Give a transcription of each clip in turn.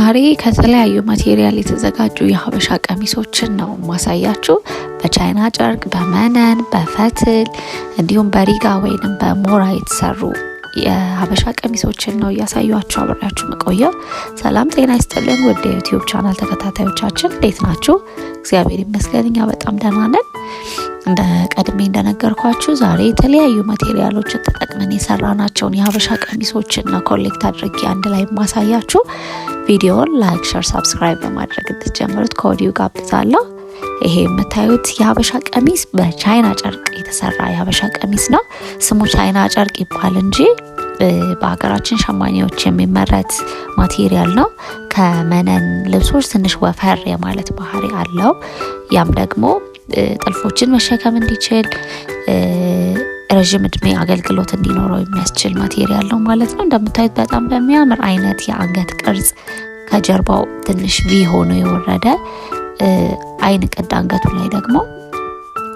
ዛሬ ከተለያዩ ማቴሪያል የተዘጋጁ የሀበሻ ቀሚሶችን ነው ማሳያችሁ። በቻይና ጨርቅ፣ በመነን፣ በፈትል እንዲሁም በሪጋ ወይንም በሞራ የተሰሩ የሀበሻ ቀሚሶችን ነው እያሳዩችሁ አብሬያችሁ መቆየው ሰላም ጤና ይስጥልን ወደ ዩቲዩብ ቻናል ተከታታዮቻችን እንዴት ናችሁ? እግዚአብሔር ይመስገንኛ እኛ በጣም ደህና ነን። እንደ ቀድሜ እንደነገርኳችሁ ዛሬ የተለያዩ ማቴሪያሎችን ተጠቅመን የሰራናቸውን የሀበሻ ቀሚሶችና ኮሌክት አድርጌ አንድ ላይ ማሳያችሁ። ቪዲዮን ላይክ፣ ሸር፣ ሳብስክራይብ በማድረግ እንድትጀምሩት ከወዲሁ ጋብዛለሁ። ይሄ የምታዩት የሀበሻ ቀሚስ በቻይና ጨርቅ የተሰራ የሀበሻ ቀሚስ ነው። ስሙ ቻይና ጨርቅ ይባል እንጂ በሀገራችን ሸማኔዎች የሚመረት ማቴሪያል ነው። ከመነን ልብሶች ትንሽ ወፈር የማለት ባህሪ አለው። ያም ደግሞ ጥልፎችን መሸከም እንዲችል ረዥም እድሜ አገልግሎት እንዲኖረው የሚያስችል ማቴሪያል ነው ማለት ነው። እንደምታዩት በጣም በሚያምር አይነት የአንገት ቅርጽ ከጀርባው ትንሽ ቪ ሆኖ የወረደ አይን ቅድ፣ አንገቱ ላይ ደግሞ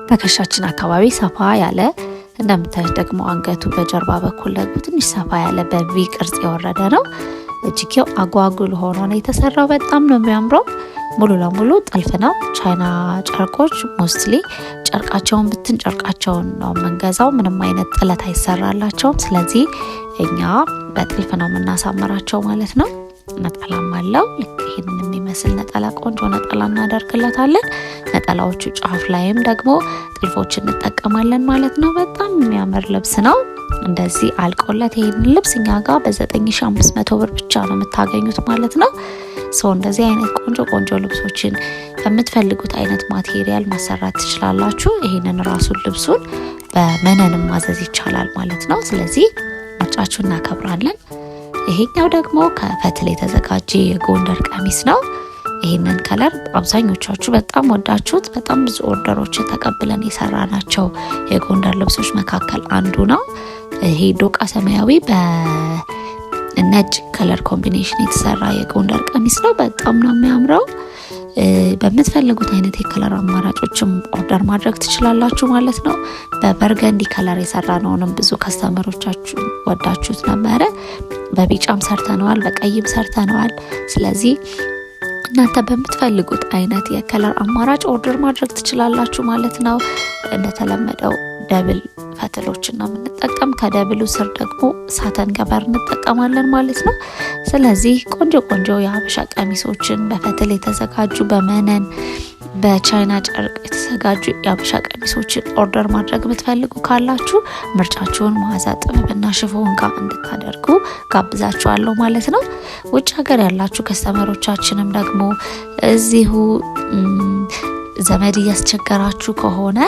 ትከሻችን አካባቢ ሰፋ ያለ እንደምታዩት ደግሞ አንገቱ በጀርባ በኩል ደግሞ ትንሽ ሰፋ ያለ በቪ ቅርጽ የወረደ ነው። እጅጌው አጓጉል ሆኖ ነው የተሰራው። በጣም ነው የሚያምረው። ሙሉ ለሙሉ ጥልፍ ነው። ቻይና ጨርቆች ሞስትሊ ጨርቃቸውን ብትን ጨርቃቸውን ነው የምንገዛው። ምንም አይነት ጥለት አይሰራላቸውም። ስለዚህ እኛ በጥልፍ ነው የምናሳምራቸው ማለት ነው። ነጠላም አለው። ልክ ይህንን የሚመስል ነጠላ ቆንጆ ነጠላ እናደርግለታለን። ነጠላዎቹ ጫፍ ላይም ደግሞ ጥልፎች እንጠቀማለን ማለት ነው። በጣም የሚያምር ልብስ ነው። እንደዚህ አልቆለት ይሄንን ልብስ እኛ ጋር በ9500 ብር ብቻ ነው የምታገኙት ማለት ነው። ሰው እንደዚህ አይነት ቆንጆ ቆንጆ ልብሶችን በምትፈልጉት አይነት ማቴሪያል ማሰራት ትችላላችሁ። ይሄንን ራሱን ልብሱን በመነንም ማዘዝ ይቻላል ማለት ነው። ስለዚህ ምርጫችሁ እናከብራለን። ይሄኛው ደግሞ ከፈትል የተዘጋጀ የጎንደር ቀሚስ ነው። ይህንን ከለር አብዛኞቻችሁ በጣም ወዳችሁት በጣም ብዙ ኦርደሮችን ተቀብለን የሰራናቸው የጎንደር ልብሶች መካከል አንዱ ነው። ይሄ ዶቃ ሰማያዊ በነጭ ከለር ኮምቢኔሽን የተሰራ የጎንደር ቀሚስ ነው። በጣም ነው የሚያምረው። በምትፈልጉት አይነት የከለር አማራጮችም ኦርደር ማድረግ ትችላላችሁ ማለት ነው። በበርገንዲ ከለር የሰራ ነውንም ብዙ ከስተመሮቻችሁ ወዳችሁት ነበረ። በቢጫም ሰርተነዋል፣ በቀይም ሰርተነዋል። ስለዚህ እናንተ በምትፈልጉት አይነት የከለር አማራጭ ኦርደር ማድረግ ትችላላችሁ ማለት ነው። እንደተለመደው ደብል ፈትሎችን ነው የምንጠቀም። ከደብሉ ስር ደግሞ ሳተን ገበር እንጠቀማለን ማለት ነው። ስለዚህ ቆንጆ ቆንጆ የሀበሻ ቀሚሶችን በፈትል የተዘጋጁ በመነን በቻይና ጨርቅ የተዘጋጁ የሀበሻ ቀሚሶችን ኦርደር ማድረግ የምትፈልጉ ካላችሁ ምርጫችሁን መዓዛ ጥበብና ሽፎን ጋር እንድታደርጉ ጋብዛችኋለሁ ማለት ነው። ውጭ ሀገር ያላችሁ ከስተመሮቻችንም ደግሞ እዚሁ ዘመድ እያስቸገራችሁ ከሆነ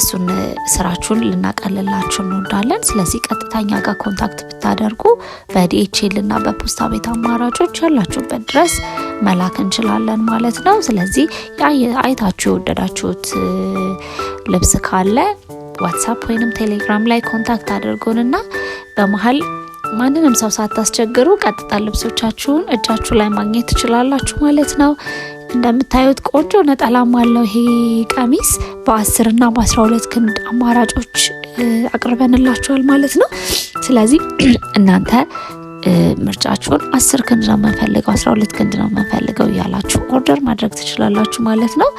እሱን ስራችሁን ልናቀልላችሁ እንወዳለን። ስለዚህ ቀጥተኛ ጋር ኮንታክት ብታደርጉ በዲኤችኤል እና በፖስታ ቤት አማራጮች ያላችሁበት ድረስ መላክ እንችላለን ማለት ነው። ስለዚህ አይታችሁ የወደዳችሁት ልብስ ካለ ዋትሳፕ ወይንም ቴሌግራም ላይ ኮንታክት አድርጎንና በመሀል ማንንም ሰው ሳታስቸግሩ ቀጥታ ልብሶቻችሁን እጃችሁ ላይ ማግኘት ትችላላችሁ ማለት ነው። እንደምታዩት ቆንጆ ነጠላም አለው ይሄ ቀሚስ በ10 እና በ12 ክንድ አማራጮች አቅርበንላችኋል ማለት ነው። ስለዚህ እናንተ ምርጫችሁን አስር ክንድ ነው የምንፈልገው፣ አስራ ሁለት ክንድ ነው የምንፈልገው እያላችሁ ኦርደር ማድረግ ትችላላችሁ ማለት ነው።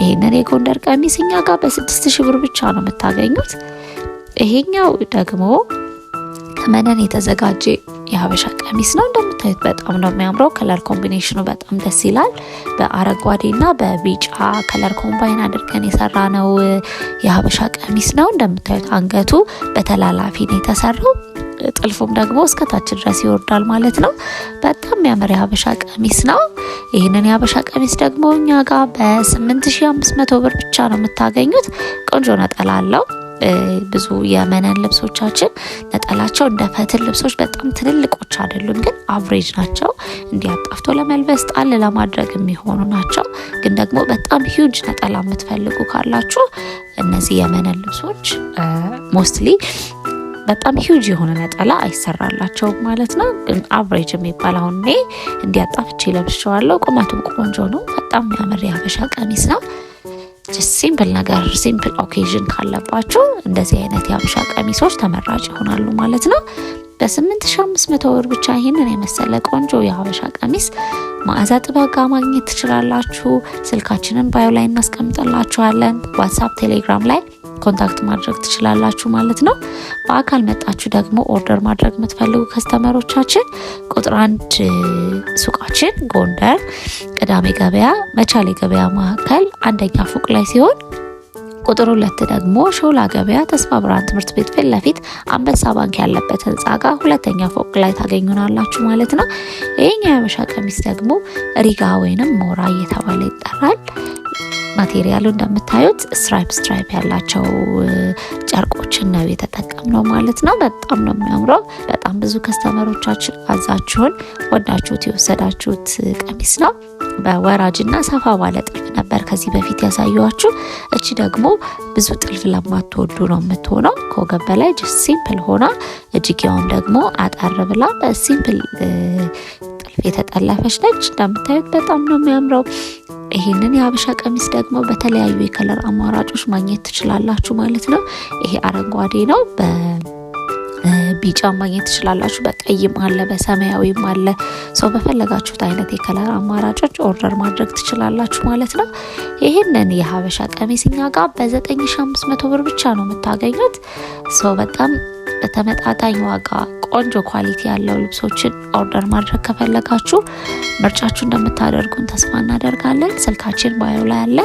ይሄንን የጎንደር ቀሚስ እኛ ጋር በስድስት ሺህ ብር ብቻ ነው የምታገኙት። ይሄኛው ደግሞ ከመነን የተዘጋጀ የሀበሻ ቀሚስ ነው። እንደምታዩት በጣም ነው የሚያምረው። ከለር ኮምቢኔሽኑ በጣም ደስ ይላል። በአረንጓዴና በቢጫ ከለር ኮምባይን አድርገን የሰራ ነው የሀበሻ ቀሚስ ነው። እንደምታዩት አንገቱ በተላላፊ ነው የተሰራው። ጥልፉም ደግሞ እስከ ታች ድረስ ይወርዳል ማለት ነው። በጣም የሚያምር የሀበሻ ቀሚስ ነው። ይህንን የሀበሻ ቀሚስ ደግሞ እኛ ጋር በ8500 ብር ብቻ ነው የምታገኙት። ቆንጆ ነጠላ አለው። ብዙ የመነን ልብሶቻችን ነጠላቸው እንደ ፈትል ልብሶች በጣም ትልልቆች አይደሉም፣ ግን አቭሬጅ ናቸው። እንዲያጣፍቶ ለመልበስ ጣል ለማድረግ የሚሆኑ ናቸው። ግን ደግሞ በጣም ሂውጅ ነጠላ የምትፈልጉ ካላችሁ እነዚህ የመነን ልብሶች ሞስትሊ በጣም ሂውጅ የሆነ ነጠላ አይሰራላቸውም ማለት ነው። ግን አቭሬጅ የሚባል አሁን እኔ እንዲያጣፍቼ ለብሸዋለው። ቁመቱም ቆንጆ ነው። በጣም የሚያምር የሀበሻ ቀሚስ ነው። ሲምፕል ነገር ሲምፕል ኦኬዥን ካለባችሁ እንደዚህ አይነት የሀበሻ ቀሚሶች ተመራጭ ይሆናሉ ማለት ነው። በ8500 ብር ብቻ ይህንን የመሰለ ቆንጆ የሀበሻ ቀሚስ ማዕዛ ጥበብ ማግኘት ትችላላችሁ። ስልካችንን ባዮ ላይ እናስቀምጥላችኋለን። ዋትሳፕ፣ ቴሌግራም ላይ ኮንታክት ማድረግ ትችላላችሁ ማለት ነው። በአካል መጣችሁ ደግሞ ኦርደር ማድረግ የምትፈልጉ ከስተመሮቻችን ቁጥር አንድ ሱቃችን ጎንደር ቅዳሜ ገበያ መቻሌ ገበያ መካከል አንደኛ ፎቅ ላይ ሲሆን ቁጥር ሁለት ደግሞ ሾላ ገበያ ተስፋ ብርሃን ትምህርት ቤት ፊት ለፊት አንበሳ ባንክ ያለበት ህንፃ ጋር ሁለተኛ ፎቅ ላይ ታገኙናላችሁ ማለት ነው። ይህኛው የሀበሻ ቀሚስ ደግሞ ሪጋ ወይንም ሞራ እየተባለ ይጠራል። ማቴሪያሉ እንደምታዩት ስትራይፕ ስትራይፕ ያላቸው ጨርቆችን ነው የተጠቀምነው ማለት ነው። በጣም ነው የሚያምረው። በጣም ብዙ ከስተመሮቻችን አዛችሁን ወዳችሁት የወሰዳችሁት ቀሚስ ነው። በወራጅና ሰፋ ባለ ጥልፍ ነበር ከዚህ በፊት ያሳየኋችሁ። እቺ ደግሞ ብዙ ጥልፍ ለማትወዱ ነው የምትሆነው። ከወገብ በላይ ሲምፕል ሆና እጅጌውን ደግሞ አጠር ብላ በሲምፕል ጥልፍ የተጠለፈች ነች። እንደምታዩት በጣም ነው የሚያምረው። ይሄንን የሀበሻ ቀሚስ ደግሞ በተለያዩ የከለር አማራጮች ማግኘት ትችላላችሁ ማለት ነው። ይሄ አረንጓዴ ነው። በቢጫ ማግኘት ትችላላችሁ። በቀይም አለ፣ በሰማያዊም አለ። ሰው በፈለጋችሁት አይነት የከለር አማራጮች ኦርደር ማድረግ ትችላላችሁ ማለት ነው። ይህንን የሀበሻ ቀሚስ እኛ ጋር በ9500 ብር ብቻ ነው የምታገኙት። ሰው በጣም በተመጣጣኝ ዋጋ ቆንጆ ኳሊቲ ያለው ልብሶችን ኦርደር ማድረግ ከፈለጋችሁ ምርጫችሁ እንደምታደርጉን ተስፋ እናደርጋለን። ስልካችን ባዮ ላይ አለ።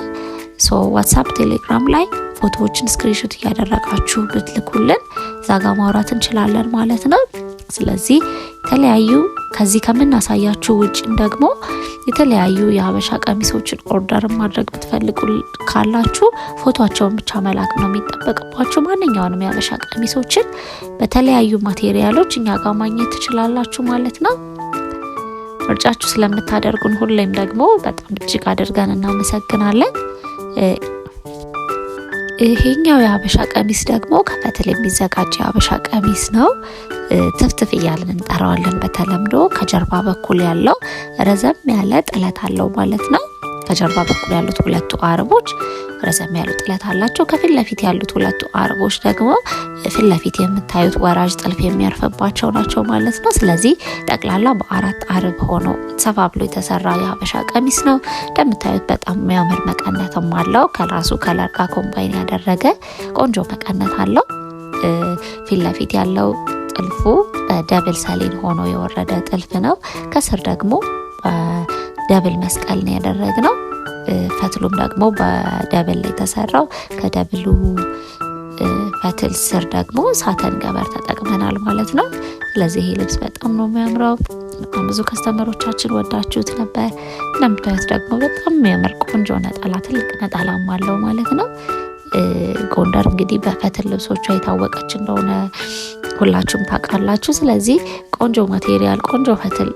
ሶ ዋትሳፕ፣ ቴሌግራም ላይ ፎቶዎችን ስክሪንሾት እያደረጋችሁ ብትልኩልን እዛ ማውራት እንችላለን ማለት ነው። ስለዚህ የተለያዩ ከዚህ ከምናሳያችሁ ውጭ ደግሞ የተለያዩ የሀበሻ ቀሚሶችን ኦርደር ማድረግ ብትፈልጉ ካላችሁ ፎቶቸውን ብቻ መላክ ነው የሚጠበቅባችሁ። ማንኛውንም የሀበሻ ቀሚሶችን በተለያዩ ማቴሪያሎች እኛ ጋር ማግኘት ትችላላችሁ ማለት ነው። ምርጫችሁ ስለምታደርጉን ሁሌም ደግሞ በጣም እጅግ አድርገን እናመሰግናለን። ይሄኛው የሀበሻ ቀሚስ ደግሞ ከፈትል የሚዘጋጅ የሀበሻ ቀሚስ ነው። ትፍትፍ እያለን እንጠራዋለን በተለምዶ። ከጀርባ በኩል ያለው ረዘም ያለ ጥለት አለው ማለት ነው። ከጀርባ በኩል ያሉት ሁለቱ አርቦች ረዘም ያሉ ጥለት አላቸው። ከፊት ለፊት ያሉት ሁለቱ አርቦች ደግሞ ፊት ለፊት የምታዩት ወራጅ ጥልፍ የሚያርፍባቸው ናቸው ማለት ነው። ስለዚህ ጠቅላላ በአራት አርብ ሆኖ ሰፋ ብሎ የተሰራ የሀበሻ ቀሚስ ነው። እንደምታዩት በጣም የሚያምር መቀነትም አለው። ከራሱ ከለር ጋር ኮምባይን ያደረገ ቆንጆ መቀነት አለው። ፊት ለፊት ያለው ጥልፉ በደብል ሰሌን ሆኖ የወረደ ጥልፍ ነው። ከስር ደግሞ ደብል መስቀል ነው ያደረግ ነው። ፈትሉም ደግሞ በደብል የተሰራው ከደብሉ ፈትል ስር ደግሞ ሳተን ገበር ተጠቅመናል ማለት ነው። ስለዚህ ይህ ልብስ በጣም ነው የሚያምረው። በጣም ብዙ ከስተመሮቻችን ወዳችሁት ነበር። እንደምታዩት ደግሞ በጣም የሚያምር ቆንጆ ነጠላ ትልቅ ነጠላም አለው ማለት ነው። ጎንደር እንግዲህ በፈትል ልብሶቿ የታወቀች እንደሆነ ሁላችሁም ታውቃላችሁ። ስለዚህ ቆንጆ ማቴሪያል፣ ቆንጆ ፈትል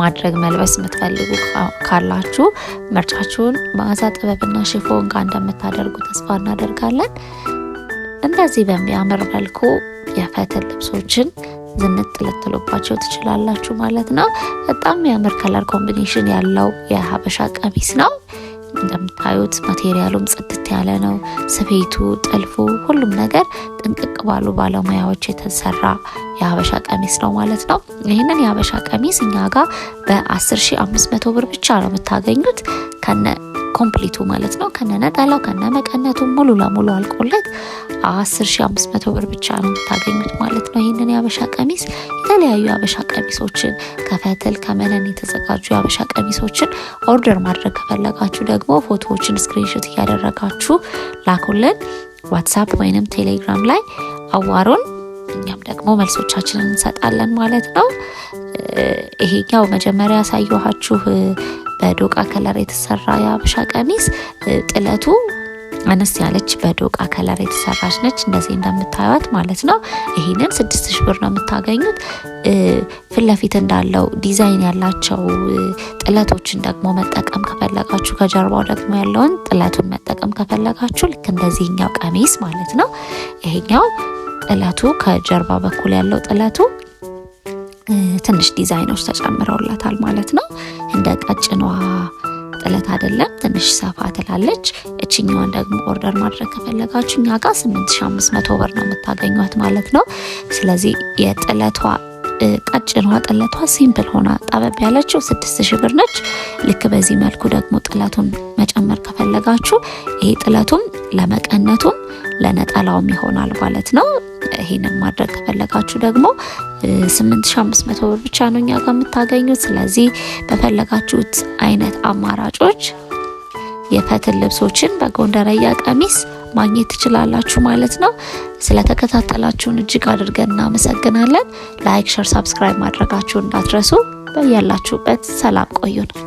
ማድረግ መልበስ የምትፈልጉ ካላችሁ ምርጫችሁን መዓዛ ጥበብና ሽፎን ጋር እንደምታደርጉ ተስፋ እናደርጋለን። እንደዚህ በሚያምር መልኩ የፈትል ልብሶችን ዝንጥ ልትሉባቸው ትችላላችሁ ማለት ነው። በጣም የሚያምር ከለር ኮምቢኔሽን ያለው የሀበሻ ቀሚስ ነው። እንደምታዩት ማቴሪያሉም ጽድት ያለ ነው። ስፌቱ፣ ጥልፉ፣ ሁሉም ነገር ጥንቅቅ ባሉ ባለሙያዎች የተሰራ የሀበሻ ቀሚስ ነው ማለት ነው። ይህንን የሀበሻ ቀሚስ እኛ ጋር በ10500 ብር ብቻ ነው የምታገኙት ከነ ኮምፕሊቱ ማለት ነው ከነ ነጠላው ከነ መቀነቱ ሙሉ ለሙሉ አልቆለት 10500 ብር ብቻ ነው የምታገኙት ማለት ነው። ይህንን የአበሻ ቀሚስ የተለያዩ የአበሻ ቀሚሶችን ከፈትል ከመነን የተዘጋጁ የአበሻ ቀሚሶችን ኦርደር ማድረግ ከፈለጋችሁ ደግሞ ፎቶዎችን ስክሪንሾት እያደረጋችሁ ላኩልን ዋትሳፕ ወይንም ቴሌግራም ላይ አዋሩን እኛም ደግሞ መልሶቻችንን እንሰጣለን ማለት ነው። ይሄኛው መጀመሪያ ያሳየኋችሁ በዶቃ ከለር የተሰራ የሀበሻ ቀሚስ ጥለቱ አነስ ያለች በዶቃ ከለር የተሰራች ነች። እንደዚህ እንደምታዩት ማለት ነው። ይህንን ስድስት ሺህ ብር ነው የምታገኙት። ፊት ለፊት እንዳለው ዲዛይን ያላቸው ጥለቶችን ደግሞ መጠቀም ከፈለጋችሁ ከጀርባው ደግሞ ያለውን ጥለቱን መጠቀም ከፈለጋችሁ ልክ እንደዚህኛው ቀሚስ ማለት ነው። ይሄኛው ጥለቱ ከጀርባ በኩል ያለው ጥለቱ ትንሽ ዲዛይኖች ተጨምረውላታል ማለት ነው። እንደ ቀጭኗ ጥለት አይደለም፣ ትንሽ ሰፋ ትላለች። እችኛዋን ደግሞ ኦርደር ማድረግ ከፈለጋችሁ እኛ ጋር 8500 ብር ነው የምታገኟት ማለት ነው። ስለዚህ የጥለቷ ቀጭኗ ጥለቷ ሲምፕል ሆና ጠበብ ያለችው 6000 ብር ነች። ልክ በዚህ መልኩ ደግሞ ጥለቱን መጨመር ከፈለጋችሁ ይሄ ጥለቱም ለመቀነቱም ለነጠላውም ይሆናል ማለት ነው። ይሄንን ማድረግ ከፈለጋችሁ ደግሞ 8500 ብር ብቻ ነው እኛ ጋር የምታገኙት። ስለዚህ በፈለጋችሁት አይነት አማራጮች የፈትል ልብሶችን በጎንደረያ ቀሚስ ማግኘት ትችላላችሁ ማለት ነው። ስለተከታተላችሁን እጅግ አድርገን እናመሰግናለን። ላይክ፣ ሸር፣ ሳብስክራይብ ማድረጋችሁን እንዳትረሱ። በያላችሁበት ሰላም ቆዩን።